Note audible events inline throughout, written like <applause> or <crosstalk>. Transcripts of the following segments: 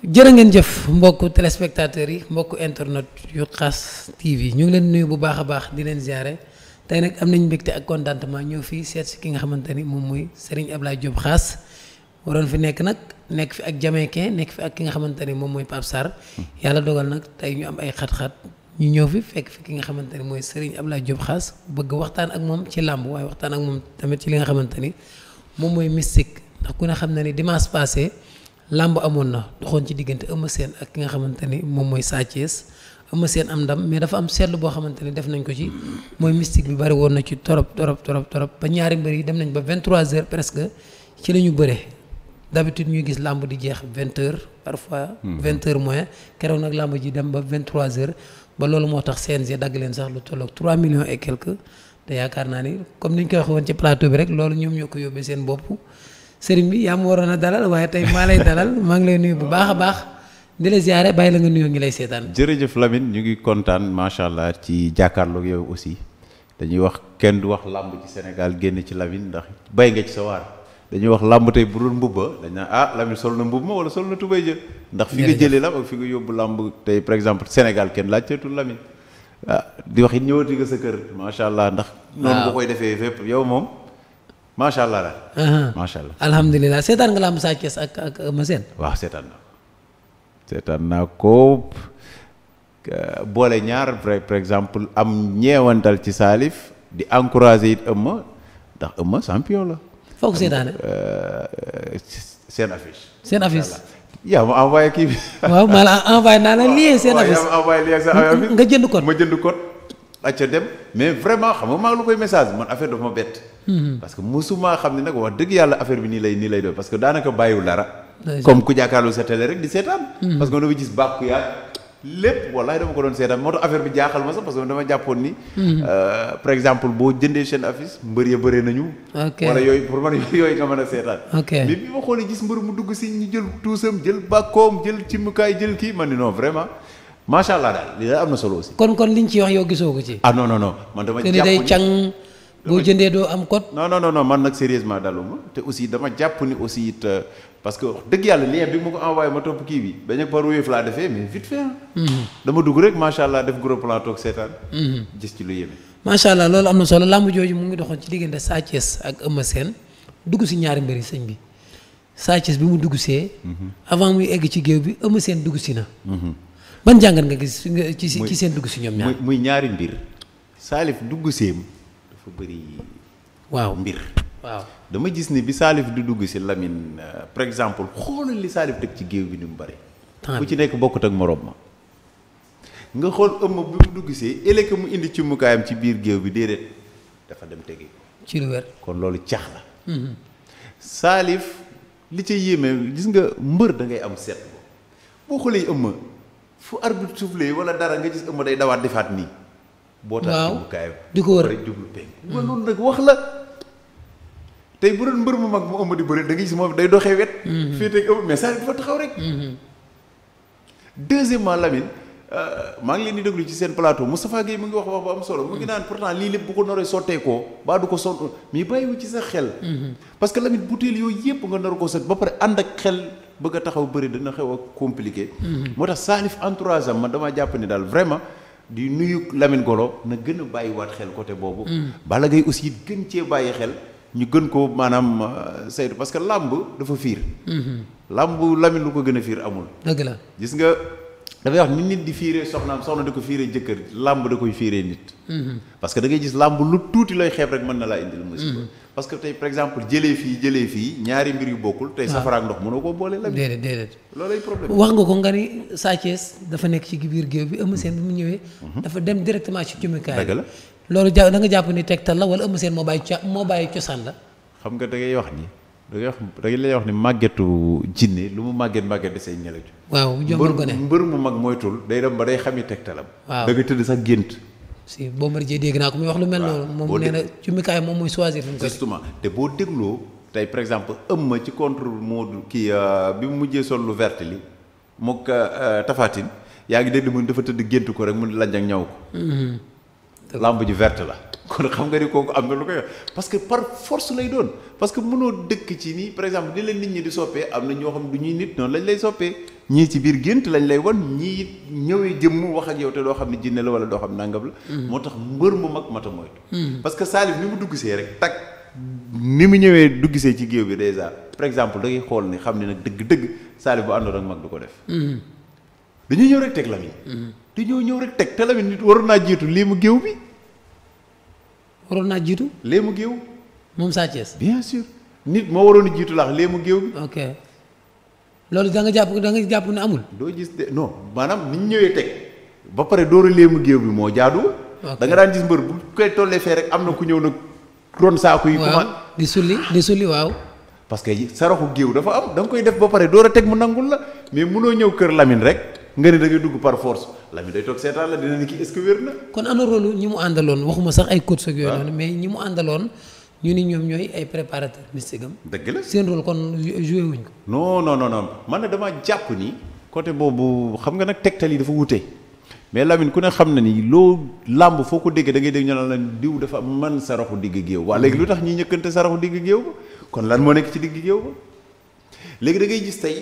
jërë ngeen jëf mbokku téléspectateurs yi mbokk internet yu xaas TV ñu ngi leen nuyu bu baax a baax di leen ziare tey nag am nañ mbégte ak contentement ñëw fii seet ki nga xamante ni moom mooy Serigne Ablaye Diop xaas waroon fi nekk nag nekk fi ak Jamaïcain nekk fi ak ki nga xamante ni moom mooy Pape yàlla dogal nag tey ñu am ay xat ñu ñëw fi fekk ki nga xamante ni mooy Serigne Ablaye Diop bëgg waxtaan ak moom ci làmb waaye waxtaan ak moom tamit ci li nga xamante ni moom mooy mystique ndax ku ne xam na ni dimanche passé. làmb amoon na doxoon ci diggante Eumeu seen ak ki nga xamante ni moom mooy Sa Thiès Eumeu am ndam mais dafa am seetlu boo xamante ni def nañ ko ci mooy mystique bi bari woon na ci torop torop torop torop ba ñaari mbër yi dem nañ ba 23 heures presque ci la ñu bëre d'habitude ñuy gis làmb di jeex 20 heures parfois. 20 hmm. heures moins keroog nag làmb ji dem ba 23 heures ba loolu moo tax CNG dagg leen sax lu tolloog 3 millions et quelques te yaakaar naa ni comme ni ñu koy waxee ci plateau bi rek loolu ñoom ñoo ko yóbbee seen bopp. sëriñ bi yaa ma waroon a dalal waaye tey maa lay dalal maa ngi lay nuyu bu baax a baax di la ziare bàyyi la nga nuyoo ngi lay seetaan. jërëjëf Lamine ñu ngi kontaan macha allah ci jàkkaarloog yow aussi dañuy wax kenn du wax làmb ci Sénégal génn ci Lamine ndax bay nga ci sa waar dañuy wax làmb tey bu doon mbubba dañ naa ah Lamine sol na mbub ma wala sol na tubay jël ndax fi nga jëlee làmb ak fi nga yóbbu làmb tey par exemple Sénégal kenn laajteetul Lamine ah di wax it ñëwati nga sa kër macha allah ndax. noonu nga ah. koy defee fépp yow moom. macha allah daal. macha allah alhamdulilah seetaan nga la am Sa Thiès ak ak ma seen. waaw seetaan naa ko boole ñaar par exemple am ñeewantal ci Salif di encourager it ëmma ndax ëmma champion la. foog seetaane. Eh? Eh, seen affiche. seen affiche. yaa ma envoyé kii bi. waaw maa la envoyé naa la <laughs> lien seen affiche. nga jënd code acca dem mais vraiment xam nga maa ngi koy message man affaire dafa ma bett. Mhm. parce que mosuma xam ne nag wax dëgg yàlla affaire bi nii lay nii lay doon parce que daanaka bàyyiwul dara. comme ku jàkkaarloo sa télé rek di seetaan. Mhm. parce que man ko doon seetaan moo tax affaire bi jaaxal ma sax parce que ni. Mhm. Euh, par exemple boo jëndee chaîne affiche mbër ya bëree nañu. ok yooyu pour yooyu nga mën a seetaan. ok mais bi ma xoolee gis mbër mu dugg si ñu jël kii man ni non macha allah daal lii daal am na solo aussi. kon kon liñ ci wax yow gisoo ko ci. ah non non non man day càng boo jëndee doo am code. non non non man nag sérieusement daluma te aussi dama jàpp ni aussi it euh, parce que dëgg yàlla lien bi mu ko envoyé ma kii bi dañu par wéef laa defee mais vite fait mhm. dama dugg rek macha allah def gros plan toog seetaan. Mhm. gis ci lu yéeme. macha allah loolu am na solo làmb jooju mu ngi doxoon ci diggante Sa ak Eumeu seen dugg si ñaari mbëri sëñ bi Sa bi mu dugg see. Mhm. avant muy egg ci géew bi Eumeu seen dugg si na. man jàngat nga gis ci ci seen dugg si ñoom ñaar muy ñaari mbir saalif dugg seem dafa bëri waaw mbir waaw dama gis ni bi saalif di dugg si Lamine euh, par exemple xoolal li Salif teg ci géew bi ni mu bëri ku ci nekk bokkut ak moroom ma nga xool ëmm bi mu dugg see ëllëg mu indi ci mukaayam ci biir géew bi déedéet dafa dem tege ci lu wér kon loolu caax la mm-hmm. Salif li ca yéeme gis nga mbër da ngay am seet boo xoolee ëmm fu arbitre soufflé wala dara nga gis ëmb day dawaat defaat nii. boo tax jublukaayam di ko wër rek jublu penk. loolu nag wax la. tey bu doon mbër ma mag mu ëmb di bëri da nga gis moom day doxee wet. Mhm. féete ak ëmb mais saa dafa taxaw rek. Mhm. deuxièmement Lamine euh, maa ngi leen di déglu ci seen plateau Moustapha Gueye mu ngi wax wax ba am solo mu ngi naan pourtant lii lépp bu ko naree sotteekoo baa du ko sot mais bàyyiwu ci sa xel. Mhm. parce que Lamine butéel yooyu yëpp nga nar ko sot ba pare ànd ak xel bëgg a taxaw bëri dina xew a compliqué. Mm-hmm. moo tax Salif entourage am jàpp ne daal vraiment di nuyu Lamine Golo na gën a bàyyiwaat xel côté boobu. Mm-hmm. Balla Gaye aussi gën cee bàyyi xel. ñu gën ko maanaam euh, saytu parce que làmb dafa fiir. Mm-hmm. làmb Lamine lu ko gën a fiir amul. dëgg la gis nga. dafay wax ni nit di fiiree soxnaam soxna da ko fiiree jëkkër làmb da koy fiiree nit. parce que da ngay gis làmb lu tuuti looy xeeb rek mën na laa indil. musiba mhm. parce que tey par exemple jëlee fii jëlee fii ñaari mbir yu bokkul. tey ah. safara ak ndox mënoo koo boole la. déedéet déedéet loolay problème wax nga ko nga ni Sa Thiès dafa nekk ci biir géew bi Eumeu seen bi mu ñëwee. Mhm. dafa dem directement ci cumukaay. dëgg la loolu ja da nga jàpp ni tegtal la wala Eumeu Sène moo bàyyi ca moo bàyyi cosaan la. xam nga da ngay wax ni da ngay wax da ngay lay wax ni màggetu jinne lu mu màgget màgget di say ñelaju waaw jombal gone mbër mu mag moytul day dem ba day xami tegtalam waaw da ngay tëdd sax gént si Bombardier dégg naa ko muy wax lu mel noonu moom nee na cumikaay moom mooy choisir fu mu koy justement te boo dégloo tey par exemple ëmma ci contre Modou kii euh, bi mu mujjee sol lu vert li mook euh, euh, tafaatin yaa ngi dégg mu dafa tëdd gént ko rek mu lajj ak ñaw ko mm-hmm. lamb ji vert la kon xam nga ni kooku am na lu koy wax parce que par force lay doon parce que mënoo dëkk ci nii par exemple ni la nit ñi di soppee am na ñoo xam du ñuy nit noonu lañ lay soppee ñii ci biir gént lañ lay wan ñii ñëwee jëmm wax ak yow te doo xam ne jinne la wala doo xam nangam la. Mm-hmm. moo tax mbër mu mag mata mm-hmm. parce que Salif ni mu dugg see rek tak ni mu ñëwee dugg see ci géew bi dèjà par exemple da ngay xool ni xam ne nag dëgg-dëgg Salif bu àndoon ak mag du ko def. Mm-hmm. dañuy ñëw rek teg Lamine. dañoo ñëw rek teg te Lamine nit waroon naa jiitu lii mu géew bi. waroon naa jiitu. leemu géew. moom Sa Thiès. bien sûr nit moo waroon jiitu la laax léemu géew bi. ok loolu da jàpp da nga jàpp ne amul. doo gis de non maanaam ni ñëwee teg ba pare door a léemu géew bi moo jaadu. da nga daan gis mbër bu koy tollee fee rek am na ku ñëw nag ron saako yi. waaw di sulli di sulli waaw. parce que saraxu géew dafa am da koy def ba pare door a teg mu nangul la mais munoo ñëw kër Lamine rek. nga ne da ngay dugg par force day toog seetaan la dina ni kii est kon ana rôle ñi mu àndaloon waxuma sax ay coach ak yooyu ah. noonu. mais ñi mu àndaloon ñu ni ñoom ñooy ay préparateur mystique am. dëgg la seen rôle kon joué wuñ ko. non non non non man na damaa jàpp ni côté boobu xam nga nag tegtal yi dafa wute. mais Lamine ku ne xam na ni loo làmb foo ko déggee dangay ngay dégg ñu naan diw dafa man saraxu digg géew waa léegi lu tax ñuy ñëkkante saraxu digg géew ba kon lan moo nekk ci digg géew léegi da ngay gis tey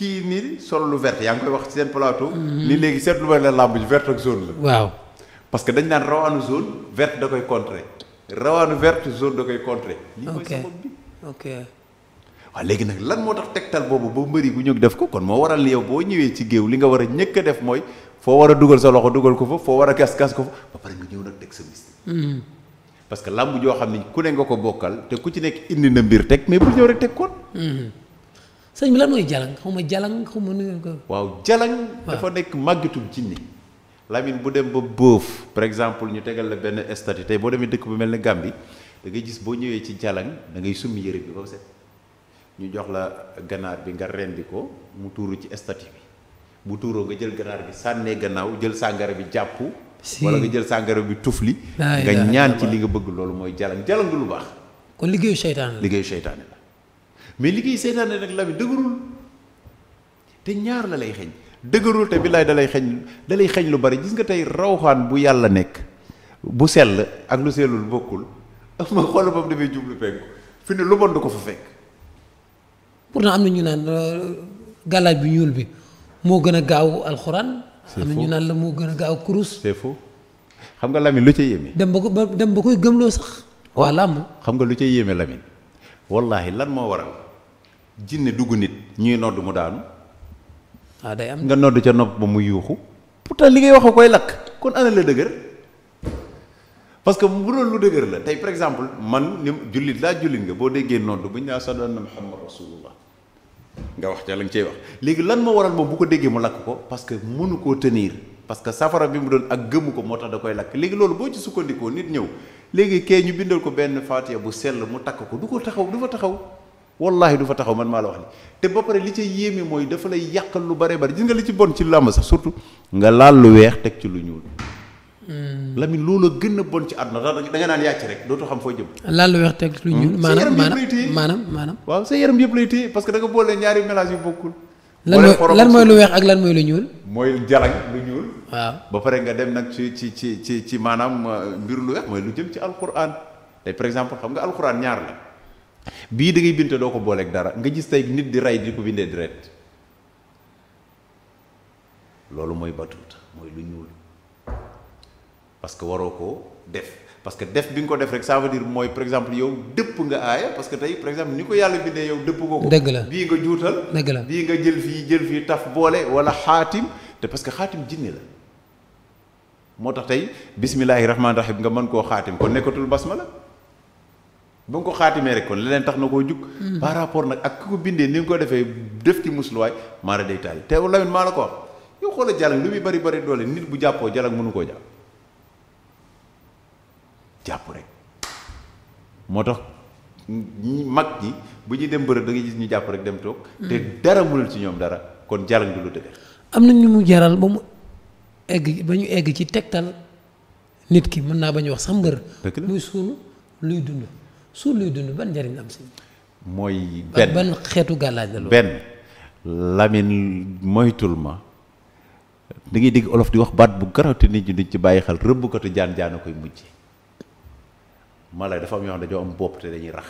kii nii sol lu vert yaa ngi koy wax seen plateau. ni léegi seetlu ma la làmb vert ak zone la. waaw parce que dañ naan rawaanu zone vert da koy contrer rawaanu vert zone da koy contrer. lii mooy sabab bi ok. waaw léegi nag lan moo tax tegtal boobu ba bëri bu ñëw def ko kon moo waral yow boo ñëwee ci géew li nga war a ñëkk def mooy foo war a dugal sa loxo dugal ko fa foo war a gas gas ko fa ba pare nga ñëw nag teg sa mystique. Hmm. parce que joo xam ni ku ne nga ko bokkal te ku ci nekk indi na mbir teg mais bu ñëw rek teg koon hmm. sëñ bi lan mooy jalang xaw ma jalang xaw ma nu ngeen waaw jalang. dafa nekk màggatum jinne Lamine bu dem ba boof par exemple ñu tegal la benn statut tey boo demee dëkk bu mel ne Gambie da ngay gis boo ñëwee ci jalang da ngay summi yëre bi ba set ñu jox la ganaar bi nga rendi ko mu tuur ci statut bi bu tuuroo nga jël ganaar bi sànnee gannaaw jël sàngara bi jàpp. wala nga jël sàngara bi tufli. nga ñaan ci li nga bëgg loolu mooy jalang jalang du lu baax. kon liggéeyu seytaan la liggéeyu seytaan mais liggéey seytaane nag la bi dëgërul te ñaar la lay xeeñ dëgërul te billaay dalay lay xeeñ da xeeñ lu bari gis nga tey rawxaan bu yàlla nekk bu sell ak lu sellul bokkul <laughs> ma xool ba mu demee jublu penku fi ne lu bon ko fa fekk. pourtant am na ñu naan euh, gàllaaj bi ñuul bi moo gën a gaaw alxuraan. am na ñu naan la moo gën a gaaw kurus. xam nga Lamine lu ca yéeme. dem ba ko ba dem ba koy gëmloo sax. waa làmb xam nga lu ca yéeme Lamine. wallaahi lan moo waral. jinne dugg nit ñuy nodd mu daanu. waaw ah, day am nga nodd ca nopp ba mu yuuxu. pourtant li ngay wax a koy lakk kon ana a dëgër parce que bu doon lu dëgër la tey par exemple man ni jullit laa jullit nga boo déggee nodd bu ñu laa ashhadu anna Muhammad rasulullah nga wax ca la nga cey wax léegi lan moo waral moom bu ko déggee mu lakk ko parce que mënu koo tenir parce que safara bi mu doon ak gëmu ko moo tax da koy lakk léegi loolu boo ci sukkandikoo nit ñëw léegi kee ñu bindal ko benn faatiya bu sell mu takk ko du ko taxaw du fa taxaw. wallahi du fa taxaw man maa la wax ni te ba pare li ca yéeme mooy dafa lay yàqal lu bare bari gis nga li ci bon ci làmb sax surtout nga laal lu weex teg ci lu ñuul. Hmm. Lamine loolu gën a bon ci àdduna da nga naan yàcc rek dootoo xam foo jëm. laal lu weex teg lu ñuul. Hmm. maanaam maanaam maanaam waaw sa yaram yëpp lay téye parce que da nga boole ñaari mélange yu bokkul. lan mooy lu weex ak lan mooy lu ñuul. mooy jalañ lu ñuul. waaw ba pare nga dem nag ci ci ci ci ci maanaam euh, mbir lu weex mooy lu jëm ci alquran tey par exemple xam nga alquran ñaar la bii da ngay bind te doo ko booleek dara nga gis tey nit di rey di ko bindee direct loolu mooy batuut mooy lu ñuul parce que waroo ko def parce que def bi nga ko def rek ça veut dire mooy par exemple yow dëpp nga aaya parce que tey par exemple ni ko yàlla bindee yow dëpp nga ko dëgg la bii nga juutal dëgg la bii nga jël fii jël fii taf boole wala xaatim te parce que xaatim jinne la moo tax tey bismillahi rahmaani rahim nga mën koo xaatim kon nekkatul ma la ba nga ko xaatimee rek kon leneen tax na koo jug. par rapport nag ak ki ko bindee ni nga ko defee def ci musluwaay maara day taal te Lamine maa la ko wax yow xoola jalang lu muy bari bari doole nit bu jàppoo jalang munu koo jàpp jàpp rek moo tax mag ñi bu ñuy dem bërëb da gis ñu jàpp rek dem toog. te dara mënul ci ñoom dara kon jalang du lu dëgër. am na ñu mu jaral ba mu egg ba ñu egg ci tegtal nit ki mën naa bañ wax sax mbër. muy suunu lu dund. suul luy dund ban njëriñ am si. mooy benn ban xeetu gàllaaj la loolu benn Lamine moytul ma da ngay dégg olof di wax baat bu garaw te nit ñi duñ ci bàyyi xel rëbbukatu jaan jaana koy mujj mala dafa am yoo xam dañoo am bopp te dañuy rax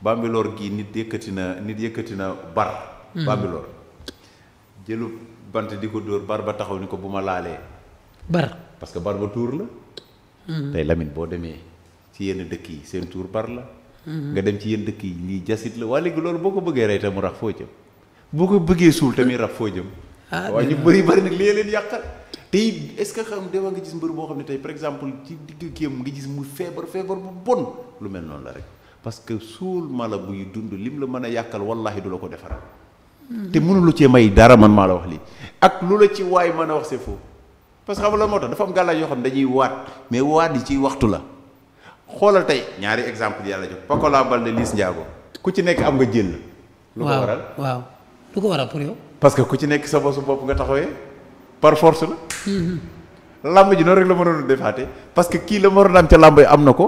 bambiloor gii nit yëkkati na nit yëkkati na bar hmm. bambiloor jëlu bant di ko dóor bar ba taxaw ni ko bu ma laalee bar parce que bar ba tuur la hmm. tey Lamine boo demee ci yenn dëkk yi seen tuur bar la mhm. nga dem ci yenn dëkk yi lii jasit la waa léegi loolu boo ko bëggee rey tam mu rax foo jëm boo ko bëggee suul tamit rax foo jëm ah, waaw ñu bëri bëri nag lii leen yàqal te est-ce que xam dewa nga gis mbër boo xam ne tey par exemple ci digg kéem nga gis mu feebar feebar bu bon lu mel noonu la rek parce que suul mala buy dund lim la mën a yàqal wallahi du la ko defaral mhm. te mënulu cee may dara man maa la wax lii ak lu la ci waay mën a wax c'est faux parce que xam la moo tax dafa am gàllaaj yoo xam ne dañuy waat mais waat yi ci waxtu la xoolal tey ñaari exemple yàlla jox Pokola Baldé Liss Ndiago ku ci nekk am nga jël. lu ko waral waaw lu ko waral pour yow. parce que ku ci nekk sa bosu bopp nga taxawee par force la. Mm-hmm. làmb ji noonu rek la mënoon defaate parce que kii la mu am ca làmb ji am na ko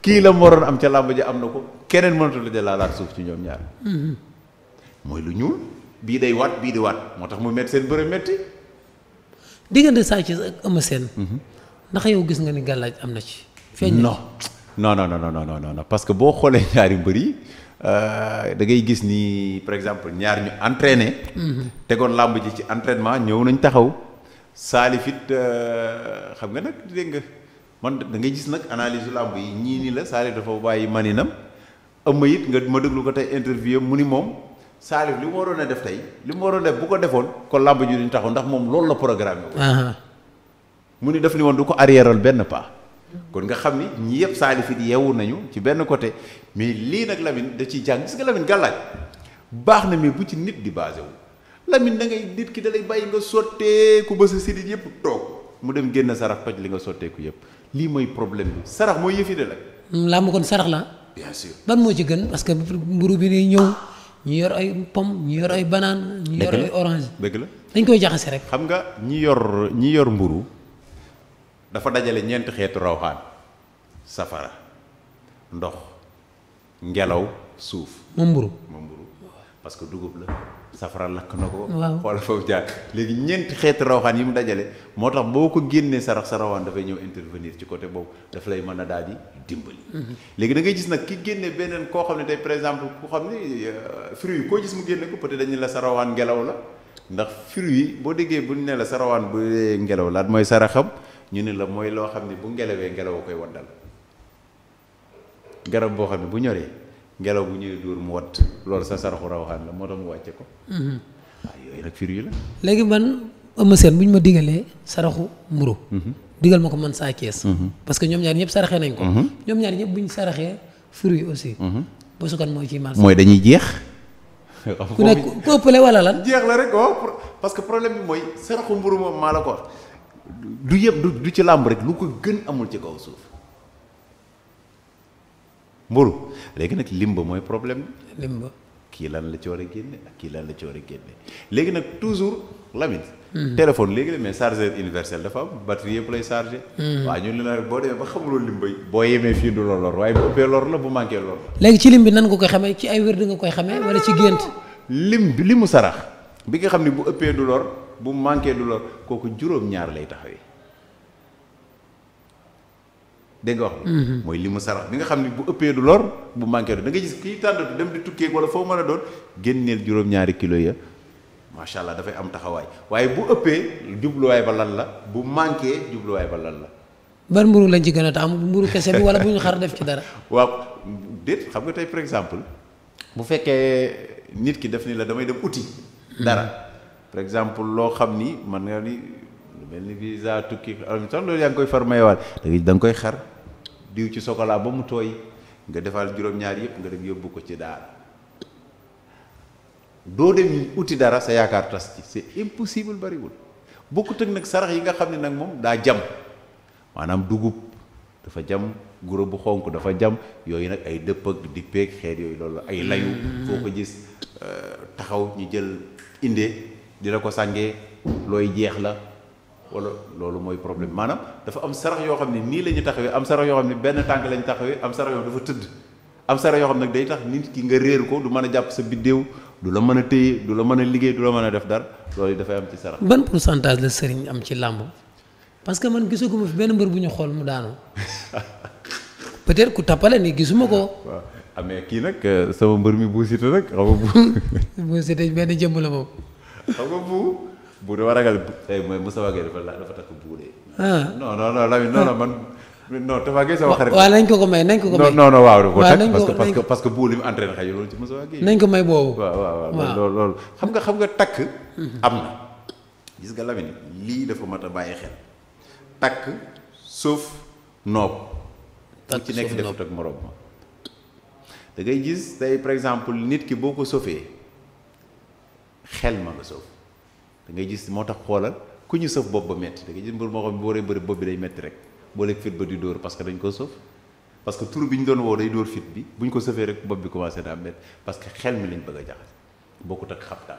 kii la mu waroon am ca làmb ji am na ko keneen mënatul la laalaat suuf ci ñoom ñaar. Mm-hmm. mooy lu ñuul bii day waat bii di waat moo tax mu métti seen bëre métti. diggante Sa Thiès ak Eumeu Sène. Mm-hmm. ndax yow gis nga ni gàllaaj am na ci. feeñ non. non non non non non non parce que boo xoolee <laughs> ñaari mbër yi euh, da ngay gis ni par exemple ñaar ñu entraîné. Mm-hmm. tegoon làmb ji ci entraînement ñëw nañ taxaw. Salif it euh, xam nga nag dégg nga man da ngay gis nag analyse làmb yi ñii nii la Salif dafa bàyyi maninam ëmb it nga ma déglu ko tey interview mu ni moom Salif li mu waroon a def tey li mu waroon a def bu ko defoon kon làmb ji duñ taxaw ndax moom loolu la programme mu ni daf ni woon du ko arrièreal benn pas. kon nga xam ni ñii yëpp saalifit yeewu nañu ci benn côté mais lii nag Lamine da ciy jàng gis nga Lamine gàllaaj baax na mais bu ci nit di basé wu Lamine nit ki da lay bàyyi nga sotteeku ba si sidit yëpp toog mu dem génn sarax toj li nga sotteeku yëpp lii mooy problème bi sarax mooy yëfi de la. Mm, làmb kon sarax la. bien ban moo ci gën parce que mburu bi ni ñëw ñu yor ay pom ñu yor ay banaan ñu yor ay orange dëgg la dañ koy jaxase rek. xam nga ñi yor ñi yor mburu dafa dajale ñeenti xeetu rawxaan safara ndox ngelaw suuf. moom mburu moom mburu parce que dugub la safara lakk na ko. waaw xool foofu jaar léegi ñeenti xeetu rawxaan yi mu dajale moo tax boo ko génnee sarax sa dafay ñëw intervenir ci côté boobu daf lay mën a daal dimbali. Mhm. léegi da ngay gis nag ki génnee beneen koo xam ne tey par exemple ku xam ne euh, fri yi koo gis mu génne ko peut être dañu la sa rawxaan ngelaw la ndax fruit yi boo diggee bu ñu ne la sa bu ngelaw laat mooy saraxam. ñu ne la mooy loo xam ne bu ngelawee ngelaw koy waddal garab boo xam ne bu ñoree ngelaw bu ñuy dóor mu watt loolu sa saraxu rawaxaan la moo tax mu wàcce ko mhm. waaw yooyu nag fir la léegi man Eumeu seen bu ñu ma digalee saraxu mburu mhm. digal ma ko man saa kees mhm. parce que ñoom ñaar ñëpp saraxee nañ ko ñoom ñaar ñëpp bu ñu saraxee fruit aussi ba su kan mooy ci marché mooy dañuy jeex ku nekk ku ëppale wala lan jeex la rek waaw oh, parce problème bi mooy saraxu mburu moom maa la ko du yëpp du ci làmb rek lu ko gën amul ci kaw suuf mburu léegi nag limba mooy problème bi limba kii lan la ci war a génne ak kii lan la ci war a génne léegi nag toujours lamit hmm. téléphone léegi la mais chargeur universel dafa am batterie yëpp lay chargé hmm. waaw ñun li na boo demee ba xamuloo limba boo yemee fii du la lor waaye bu ëppee lor la bu manqué lor la léegi ci lim bi nan nga koy xamee ci ay wér di nga koy xamee ah, wala ci gént lim bi li mu sarax bi nga xam ne bu ëppee du lor bu manqué du lor kooku juróom-ñaar lay taxawee dégg wax mhm. mooy li mu sarax bi nga xam ne bu ëppee du lor bu manqué du da nga gis kii tàndatu dem di tukkee wala foo mën a doon génneel juróom-ñaari kilos ya macha allah dafay am taxawaay waaye bu ëppee jubluwaay ba lan la bu manqué jubluwaay ba lan la. ban mburu lañ ci gën a taamu mburu kese bi wala bu ñu xar def ci dara. <laughs> waaw déet xam nga tey par exemple bu fekkee nit ki def ni la damay dem uti dara. Mhm. par exemple loo xam ni man nga ni lu mel ni visa tukki am sax yaa ngi koy far mayewaat da nga koy xar diw ci sokola ba mu tooy nga defal juróom-ñaar yëpp nga dem yóbbu ko ci daara doo dem uti dara sa yaakaar tas ci c'est impossible bariwul bokkut ak nag sarax yi nga xam ne nag moom daa jam maanaam dugub dafa jam guro bu xonk dafa jam yooyu nag ay dëpp ak dippeeg xeet yooyu loolu ay layu foo ko gis euh, taxaw ñu jël indee dina ko sàngee looy jeex la wala loolu mooy problème maanaam dafa am sarax yoo xam ne nii la ñu taxawee am sarax yoo xam ne benn tànk la taxawee am sarax yoo xam dafa tëdd am sarax yoo xam nag day tax nit ki nga réer ko du mën a jàpp sa biddéew du la mën a téye du la mën a liggéey du la mën a def dara loolu dafay am ci sarax. ban pourcentage la sëriñ am ci làmb parce que man gisaguma fi benn mbër bu ñu xool mu daanu <laughs> peut-être ku tappale ni gisuma ko. waaw amee ah, kii nag euh, sama mbër mi buusite nag xam nga. buusite <laughs> benn jëmm la moom. xam nga bu bu dama ragal tey mooy Moustapha Gueye dafa dafa takk man. non Tapha Gueye sama xarit. waaw nañ ko ko may ko ko may. non non waaw du ko teg parce que parce que bu li mu entraîné xëy loolu xam nga xam nga takk. Mhm. am na gis nga Lamine lii dafa mat a bàyyi xel. takk suuf noob. takk ci nekk def ak morom ma. dangay gis tey par exemple nit ki boo ko sofee. xel ma nga sëf da ngay gis moo tax xoolal ku ñu sëf bopp ba metti da ngay gis mbir moo xam ne boo waree bëri bopp bi day metti rek boo lekk fit ba di dóor parce que dañ ko sëf parce que tur bi ñu doon woo day dóor fit bi bu ko sëfee rek bopp bi commencé naa metti parce que xel mi lañ bëgg a jaxas bokkut ak xabtaan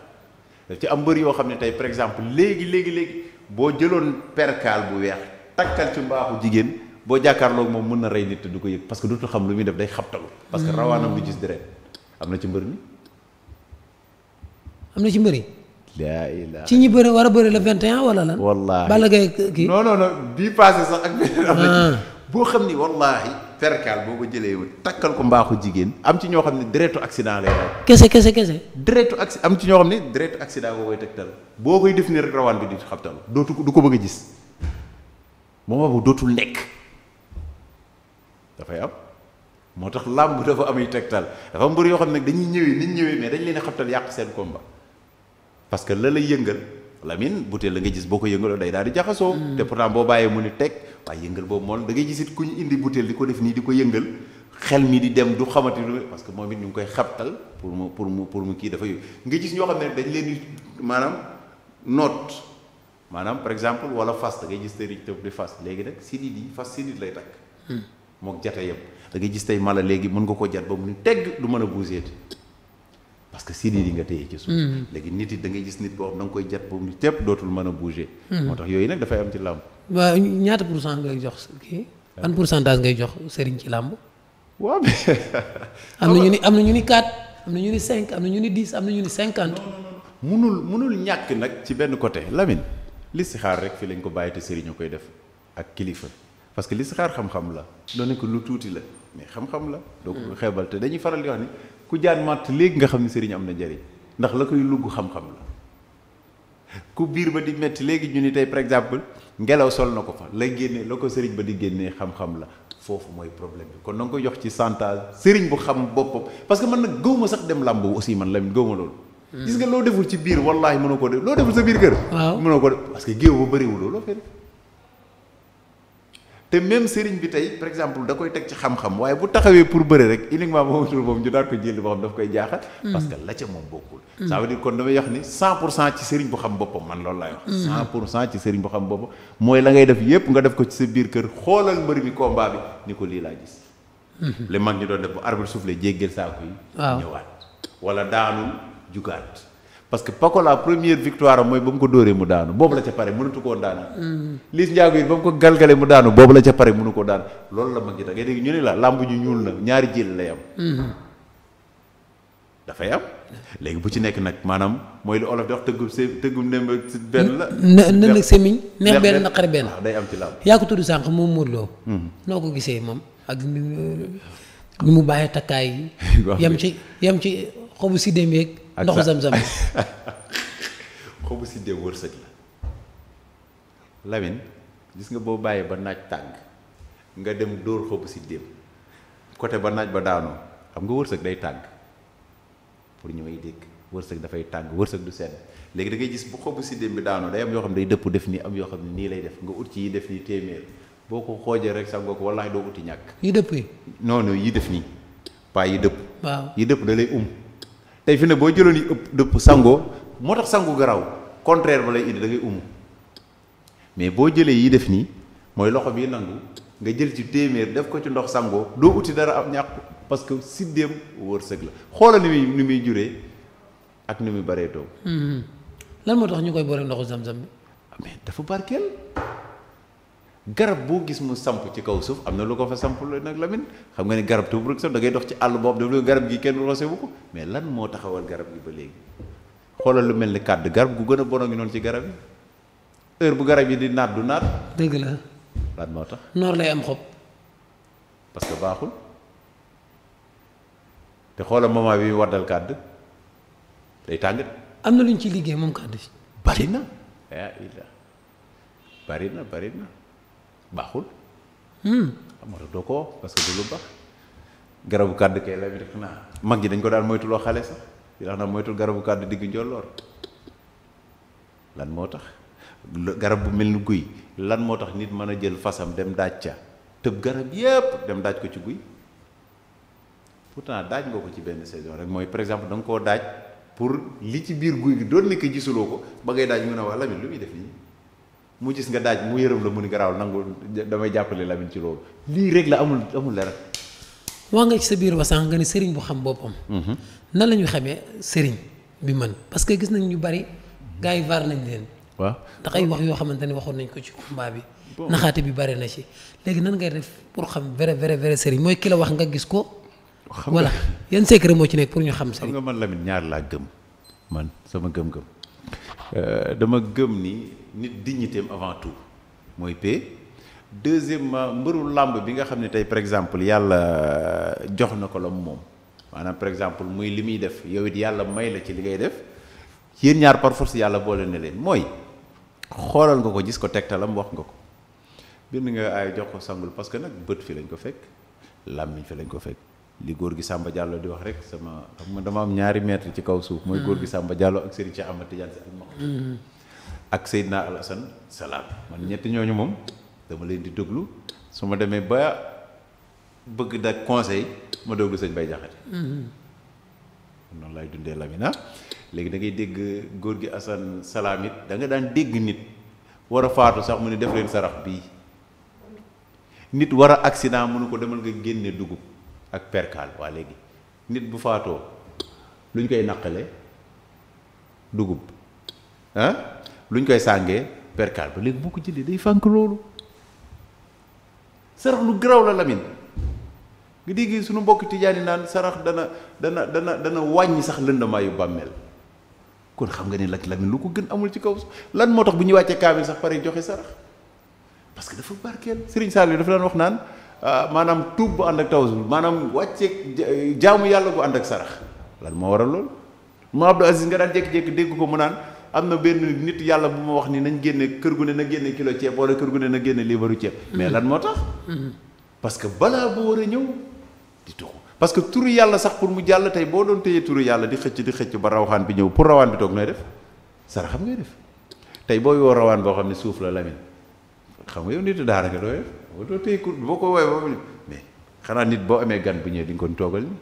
daf ci am mbër yoo xam ne tey par exemple léegi léegi léegi boo jëloon perkaal bu weex takkal ci mbaaxu jigéen boo jàkkaarloog moom mun na rey nit te du ko yëg parce que dootul xam lu muy def day xabtalu parce que rawaanam du gis deret am na ci mbër mi am na ci mbëri. yaa illah ci ñi bëri war a bëri le 21 wala lan. wallaahi Balla Gaye kii. non bii passé sax ak beneen am na ah. boo xam ni wallaahi. percal boo ko jëlee woon takkal ko mbaaxu jigéen am ci ñoo xam ne deretu accident lay raw. kese kese kese. deretu acci am ci ñoo xam ne deretu accident boo koy tegtal boo koy def ni rek rawaan bi di xabtal dootu du ko bëgg a gis moom bu dootul nekk dafay am moo tax làmb dafa amuy tegtal dafa mbër yoo xam ne dañuy ñëwee ni ñu ñëwee mais dañ leen a xabtal yàq seen combat. parce que la lay yëngal Lamine butéel la nga gis boo ko yëngaloo day daal di jaxasoo. Mm. te pourtant boo bàyyee mu ni teg waaye yëngal boobu moom da ngay gis it ku ñu indi butéel di ko def nii di ko yëngal xel mi di dem du xamante lu parce que moom it ñu ngi koy xabtal pour mu pour mu pour mu kii dafa yooyu nga gis ñoo xam ne dañ leen di maanaam noot maanaam par exemple wala fas da ngay gis tëb di fas léegi nag sidit yi fas sidit lay takk. Mm. mook jata yem da ngay gis tey mala léegi mun nga koo jat ba mu ni tegg du mën a bougé parce que sidii yi nga téye ci suuf. Hmm. léegi nit yi da ngay gis nit boo xam da koy jat boobu tépp dootul mën a bouger. Hmm. moo tax yooyu nag dafay am ci làmb. waaw ñaata pour cent ngay jox kii. Ah. ban pourcentage ngay jox sëriñ ci làmb. waaw <laughs> am ñu ni am na ñu ni 4 am na ñu ni 5 am na ñu ni 10 am na ñu ni 50. munul munul ñàkk nag ci benn côté Lamine listixaar rek fii lañ ko bàyyi te sëriñ koy def ak kilifa parce que listixaar xam-xam la. doo ne lu tuuti la mais xam-xam la. doo ko hmm. xeebal te dañuy faral di wax ku jaan màtt léegi nga xam ne sëriñ am na njëriñ ndax la koy lugg xam-xam la ku biir ba di metti léegi ñu ni tey par exemple ngelaw sol na ko fa la génne la ko sëriñ ba di génnee xam-xam la foofu mooy problème bi kon na nga koy jox ci santage sëriñ bu xam boppam parce que man nag gëw ma sax dem làmb aussi man Lamine gëw ma loolu. gis nga loo deful ci biir wallaahi mënoo koo def loo deful sa biir kër. waaw mënoo ko def parce géew ba bëriwul loolu. te même sëriñ bi tey par exemple da koy teg ci xam-xam waaye bu taxawee pour bëre rek uniquement boobu tur boobu ñu daal ko jël boo xam daf koy jaaxal. Mm. parce que la ca moom bokkul. Mm. ça veut dire kon damay wax ni 100 pour cent ci sëriñ bu xam boppam man loolu laay wax. 100 mm. pour cent ci sëriñ bu xam boppam mooy la ngay def yépp nga def ko ci sa biir kër xoolal mbër mi combat bi ni ko lii laa gis. Mm-hmm. li mag ñi doon def bu arbitre soufflé jéggeel saako yi. ñëwaat wala daanu jugaat. parce que Paco la première victoire am mooy ba mu ko dóoree mu daanu boobu la ca pare mënatu koo daanu. Liss Ndiago it ba mu ko galgalee mu daanu boobu la ca pare mënu ko daan loolu la mag ji dangay dégg ñu ne la làmb ju ñuul na ñaari jël lay am. dafay am léegi bu ci nekk nag maanaam mooy lu olof di wax tëggum see tëggum nemb si benn la. na na nag semiñ neex benn naqari benn day am ci làmb. yaa ko tudd sànq moom Modou Lo. Hmm. noo ko gisee moom ak ni mu bàyyee takkaay yi. <laughs> yam ci y ci. xobu si dem ak ndoxu zam-zam <laughs> xobu si dem wërsëg la Lamine gis nga boo bàyyee ba naaj tàng nga dem dóor xobu siddéem dem ba naaj ba daanoo xam nga wërsëg day tàng pour ñu may dégg wërsëg dafay tàng wërsëg du sedd léegi da ngay gis bu xob si bi daanoo day am yoo xam ne day dëpp def nii am yoo xam ne nii lay def nga ut ci yi def nii téeméer boo ko xoojee rek sax ko wallaahi doo uti ñàkk. yi dëpp yi. non yi def nii pas yi dëpp. waaw tey fi ne boo jëloon yi ëpp dëpp sangoo moo tax sangu garaw contraire ba lay indi da ngay umu mais boo jëlee yi def nii mooy loxo bi nangu nga jël ci téeméer def ko ci ndox sangoo doo uti dara am ñàkk parce que siddéem sëg la xoola ni muy ni muy juree ak ni muy baree doom hmm. lan moo tax ñu koy boole ndoxu zam-zam bi ah, mais dafa barkeel garab boo gis mu samp ci kaw suuf am na lu ko fa samp la nag Lamine xam nga ne garab tuub rek sax da ngay dox ci àll boobu daf lu garab gi kenn roose bu ko mais lan moo taxawal garab gi ba léegi xoolal lu mel ni kàdd garab gu gën a bono ngi noonu ci garab yi bu garab yi di naat du naat dëgg moo tax noor lay am xob parce que baaxul te xoolal moment bi waddal kàdd day tàng am na lu ñu ci liggéey moom kàdd bari na yaa bari na bari baaxul. Hmm. amatoo ko parce que du lu baax. garabu kàdd kay la bi def naa mag ñi dañ ko daan moytuloo xale sax di tax moytul garabu kàdd digg njolloor lan moo tax garab bu mel ni guy lan moo tax nit mën a jël fasam dem daaj ca tëb garab yépp dem daaj ko ci guy pourtant daaj nga ko ci benn saison rek mooy par exemple da nga koo daaj pour li ci biir guy gi doon nekk gisuloo ko ba ngay daaj mën a wax Lamine lu muy def nii mu gis nga daaj mu yërëm la mu ni garaaw nangu damay jàppale Lamine ci loolu lii rek la amul amul leneen. wax nga ci sa biir wasaan nga ne sëriñ bu xam boppam. Mhm. nan la ñu xamee sëriñ bi man parce que gis nañ ñu bari gars yi var nañ leen. waaw ndax ay wax yoo xamante ne waxoon nañ ko ci combat bi. naxaate bi bari na ci léegi nan ngay def pour xam vrai vrai vrai sëriñ mooy kilo wax nga gis ko. xam nga voilà yan secret moo ci nekk pour ñu xam sëriñ. xam nga man Lamine ñaar laa gëm man sama gëm Euh, dama gëm ni nit dignitéem avant tout mooy paix deuxièmement mbëru làmb bi nga xam ne tey par exemple yàlla euh, jox na ko la moom maanaam par exemple muy li muy def yow it yàlla may la ci li ngay def yéen ñaar par force yàlla boole ne leen mooy xoolal nga ko gis ko tegtalam wax nga ko bind nga ay jox ko sangul parce que nag bët fi lañ ko fekk làmmiñ fi lañ ko fekk li góor gi sàmba jàlloo di wax rek sama xam nga dama am ñaari mètre ci kaw suuf. mooy góor gi Samba Diallo ak Serigne Cheikh Ahmad Tidiane Sy Al Maktoum. Mm-hmm. ak Seydina Al Hassan Salam man ñetti ñooñu moom dama leen di déglu su ma demee ba bëgg da conseil ma déglu sëñ bay Jaxate noonu laay dundee Lamina léegi dangay dégg góor gi Assane Salam it da daan dégg nit war faatu sax mu ne def leen sarax bii nit wara a naa mu ne ko demal nga génne dugub. ak perkaal waa léegi nit bu faatoo lu ñu koy naqale dugub ah lu ñu koy sàngee perkaal ba léegi boo ko jëlee day fànk loolu sarax lu garaw la lamin nga dégg suñu mbokk tijaani naan sarax dana dana dana dana wàññi sax lëndamaayu bàmmeel kon xam nga ni lak Lamine lu ko gën amul ci kaw lan moo tax bu ñuy wàccee kaamil sax pare joxe sarax parce dafa barkeel Serigne Sall yi dafa daan wax naan Euh, maanaam tuub bu ànd ak tawasul maanaam wàcceeg jaamu yàlla bu ànd ak sarax lan moo war a loolu ma Abdou Aziz nga daan jékki-jékki dégg ko mu naan am na benn nit yàlla bu ma wax nii nañ génne kër gu ne na génne kilo ceeb wala kër gu ne na génne liibaru ceeb mais lan moo tax mm-hmm. parce que balaa bu war a ñëw di tuxu parce que turu yàlla sax pour mu jàll tey boo doon téye turu yàlla di xëcc di xëcc ba rawxaan bi ñëw pour rawaan bi toog nooy def saraxam ngay def tey booy woo rawaan boo xam ne suuf la lamin xam nga yow nitu daara nga dooyee boo doo téye kur boo ko woowee boobu mais xanaa nit boo amee gan bu ñëwee di nga ko toogal ni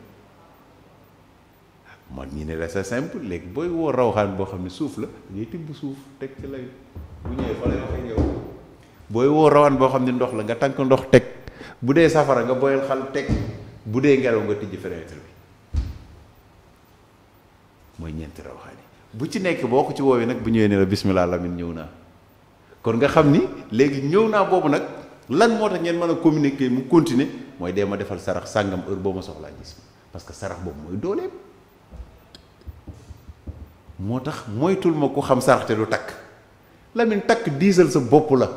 ah, ñu ne la c'est simple léegi booy woo rawxaan boo xam ne suuf la ngay tibb bu ñëwee fa lay woo rawaan boo xam ne ndox la nga tànk ndox teg bu dee safara nga boyal xal teg bu dee ngelaw nga tijji mooy ñeenti rawxaan yi bu ci nekk boo ko ci woowee nag bu ñëwee ne la bismillah Lamine ñëw naa kon nga xam ni léegi ñëw naa boobu nag lan moo tax ngeen mën a communiquer mu continuer mooy dee ma defal sarax sàngam heure boo ma soxlaa gis parce que sarax boobu mooy dooleem moo tax moytul ma ko xam sarax te du takk Lamine takk diisal sa bopp la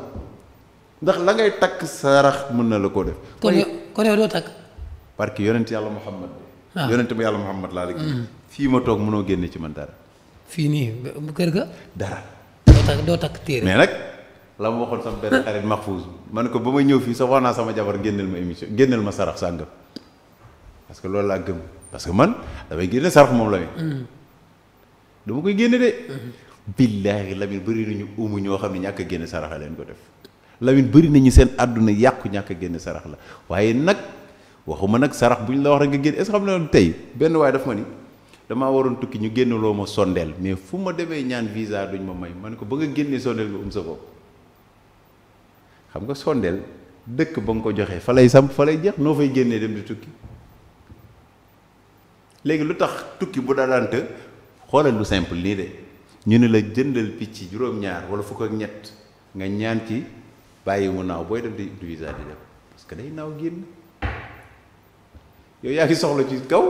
ndax la ngay takk sarax mën na la koo def. kon kon yow doo takk. parce que yonent yàlla Muhammad. waaw ah. yonent yàlla Muhammad laa la gis. Mm-hmm. fii ma toog mënoo génne ci man dara. fii nii kër ga. dara. doo takk doo la ma waxoon sama benn xarit Mahfouz ma ne ko ba ma ñëw fii sax wax naa sama jabar génneel ma émission génneel ma sarax sàngam parce que loolu laa gëm parce que man damay génne sarax moom la dama koy génne de billaahi Lamine bëri nañu umu ñoo xam ne ñàkk génn génne sarax leen ko def Lamine bëri nañu seen àdduna yàqu ñàkk génn génne sarax la waaye nag waxuma nag sarax bu ñu la wax rek nga génn est ce xam ne tey benn waaye daf ma ni damaa waroon tukki ñu génn loo ma sondeel mais fu ma demee ñaan visa duñ ma may ma ne ko ba nga génnee sondeel nga um sa bopp xam nga sondeel dëkk ba nga ko joxee fa lay samp fa lay jeex noo fay génnee dem di tukki léegi lu tax tukki bu daadante xoolal lu simple nii de ñu ne la jëndal picc juróom-ñaar wala fukk ak ñett nga ñaan ci bàyyi mu naaw booy dem di visa di dem parce que day naaw génn yow yaa ngi soxla ci kaw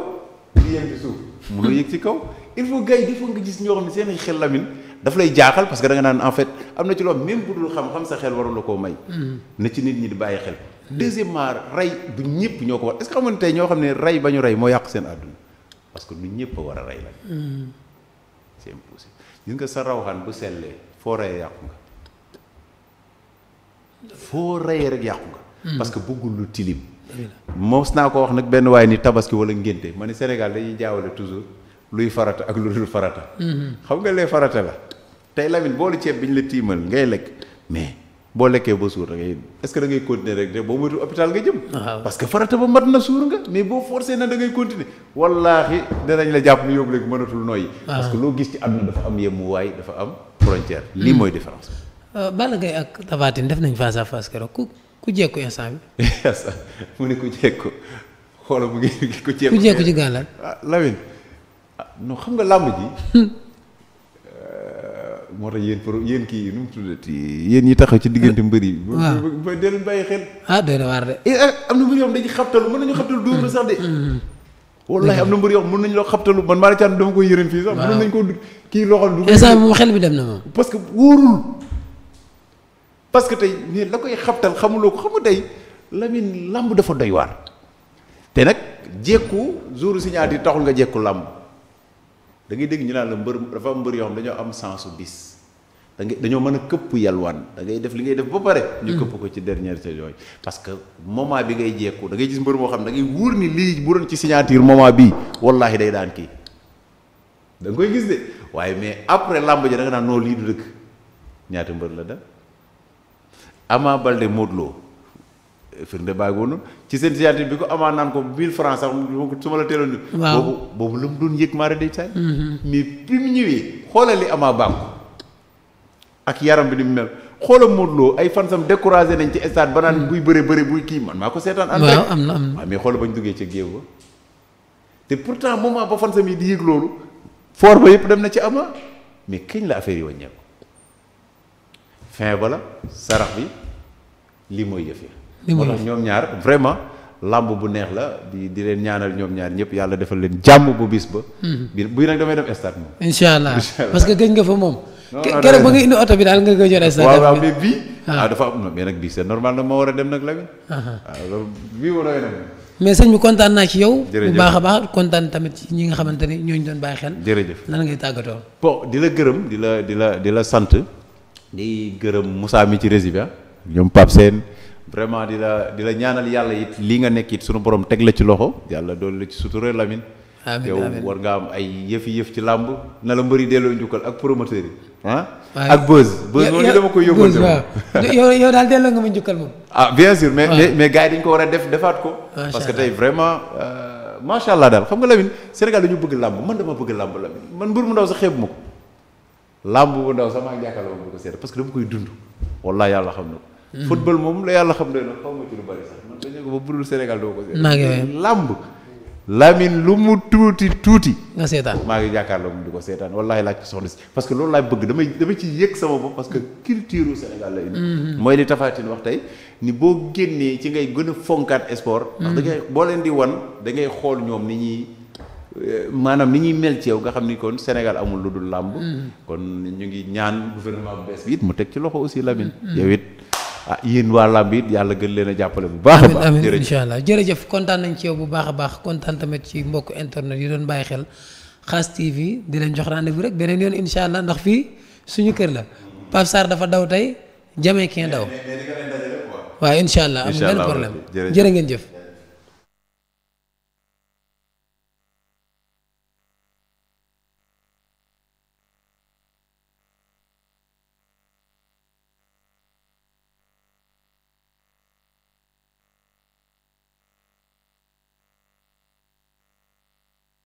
di yëg ci suuf mënoo yëg ci kaw il faut gars yi di nga gis ñoo xam ne seen xel lamin daf lay jaaxal parce que da nga naan en fait am na ci loolu même bu dul xam-xam sa xel warul la koo may. Mm-hmm. na ci nit ñi di bàyyi xel. Mm-hmm. deuxièmement rey du ñëpp ñoo ko war est ce que xamoon tey ñoo xam ne rey ba ñu rey moo yàqu seen àdduna parce que du ñëpp a war a rey la. Mm-hmm. c' est impossible gis nga foo reyee yàqu nga. foo rek yàqu nga. parce que bëggul lu tilim. mos naa ko wax nag benn waay ni tabaski wala ngénte ma ne Sénégal dañuy jaawale toujours. luy farata ak lu dul farata. xam nga lee farata la. tey Lamine boolu ceeb bi ñu la tiimal ngay lekk mais boo lekkee ba suur da ngay est que da ngay continuer rek de boo moytu hôpital nga que farata ba mat na suur nga mais boo forcé na da ngay continuer. danañ la jàpp ne yóbbu léegi mënatul nooyi. loo gis ci àdduna dafa am yemuwaay dafa am frontière. lii mm. mooy différence. Euh, Balla Gaye ak Tapha def nañ face à face keroog ku ku jekku instant bi. <laughs> mu ne ku jekku xoolal mu ngi ku jekku. ku jekku ci gàllal ah, Lamine. non xam nga làmb ji. Euh, moo tax yéen pro yéen kii nu mu tuddati yéen ñi tax ci diggante mbër yi. waaw ba dee leen bàyyi xel. ah doy na waar de. Eh, eh, am na mbër yoo xam dañuy xabtalu man nañu xabtalu dóor la sax de. Mm-hmm. Mm-hmm. wallahi na mbër yoo mën nañu la xabtalu man Malick Thiam dama koy yërëm fii sax. waaw mën kii loo xam ne. instant bi moom xel bi dem na moom. parce que wóorul parce tey mais la koy xabtal xamuloo ko xam nga tey Lamine làmb dafa doy waar. te nag jékku jour signature taxul nga jékku làmb. da ngay dégg ñu naan la mbër dafa am mbër yoo xam dañoo am sensu bis da ngay dañoo mën a këpp yalwaan da def li ngay def ba pare. ñu këpp ko ci dernière saison yooyu. parce que moment bi ngay jekku da ngay gis mbër moo xam ne dangay wóor ni lii bu doon ci signature moment bii wallaahi day daan kii da nga koy gis de waaye mais après làmb ji da nga naan noo lii du dëkk ñaata mbër la da Ama Baldé Modou firnde bàyyi woon ci seen siyaati bi ko amaa naan ko 1000 francs sax su ma la teeloon. waaw boobu boobu lu mu doon yëg maa day saay. mais bi mu ñëwee xoolal li amaa baax ak yaram bi ni mu mel xoolal Modou Lo ay fansam découragé nañ ci estade ba mm-hmm. buy bëre bëre buy kii man maa ko seetaan. ànd am na am na mais xoolal bañ duggee ca géew ba te pourtant moment ba fansam yi di yëg loolu foor ba yëpp dem na ci ama mais kañ la affaire yi wàññeeku fin bala sarax bi mooy yëf moo tax ñoom ñaar vraiment làmb bu neex la di di leen ñaanal ñoom ñaar ñëpp yàlla defal leen jàmm bu biis ba. Hmm. bi buy nag damay dem stade moom. incha allah parce que gëj nga fa moom. keroog ba nga indi oto bi daal nga gëj a. stade waaw waaw moo ah. ah, war a dem nag la bi. waaw loolu mais sëñ bi kontaan naa ci yow. bu baax a baax kontaan tamit ci ñi nga xamante ni ñooñu doon bàyyi xel. jërëjëf lan ngay tàggatoo. bon di la gërëm di la di la di la sant. di gërëm Moussa mi ci rési bi ah. ñoom Pape Sène vraiment di la di la ñaanal yàlla it lii nga nekk it sunu borom teg la ci loxo yàlla doolu la ci sutura Lamine yow war nga am ay yëfi yëf ci làmb na la mbëri delloo njukkal ak promoteur yi ah ak buzz buzz moom dama koy yóbbal nga ma njukkal moom <laughs> ah bien sûr mais mais mais gars yi ko war a def defaat ko parce que tey vraiment euh, macha allah daal xam nga Lamine Sénégal dañu bëgg làmb man dama bëgg làmb Lamine man mbër mu ndaw sa xeebu ma ko làmb bu ndaw sax maa ngi jàkkaarloo ma ko seet parce que dama koy dund wallaay yàlla xam Hmm. football moom la yàlla xam doy na xaw ma ci lu bari sax man dañu ko ba lu mu tuuti tuuti nga seetaan maa ngi jàkkaarloo mu di ko seetaan wallaahi laaj ci soxna si parce que loolu laay bëgg damay damay ci yëg sama bopp parce que culture Sénégal la indi hmm. mooy li tafaatin wax tey ni boo génnee ci ngay gën a fonkaat sport ndax hmm. da ngay boo leen di wan da ngay xool ñoom ni ñuy eh, maanaam ni ñuy mel ci yow nga xam ni kon Sénégal amul lu dul làmb kon ñu ngi ñaan gouvernement bees bi it mu teg ci loxo aussi Lamine ah yéen waa làmb yàlla gën leen a jàppale bu baax a baax amiin incha allah jërëjëf kontaan nañ ci yow bu baax a baax kontaan tamit ci mbokk internet yi doon bàyyi xel xaas TV di leen jox rendez-vous rek beneen yoon incha allah ndax fii suñu kër la Pape dafa daw tey Jamaïcain daw waaw incha allah amul benn problème jërë ngeen jëf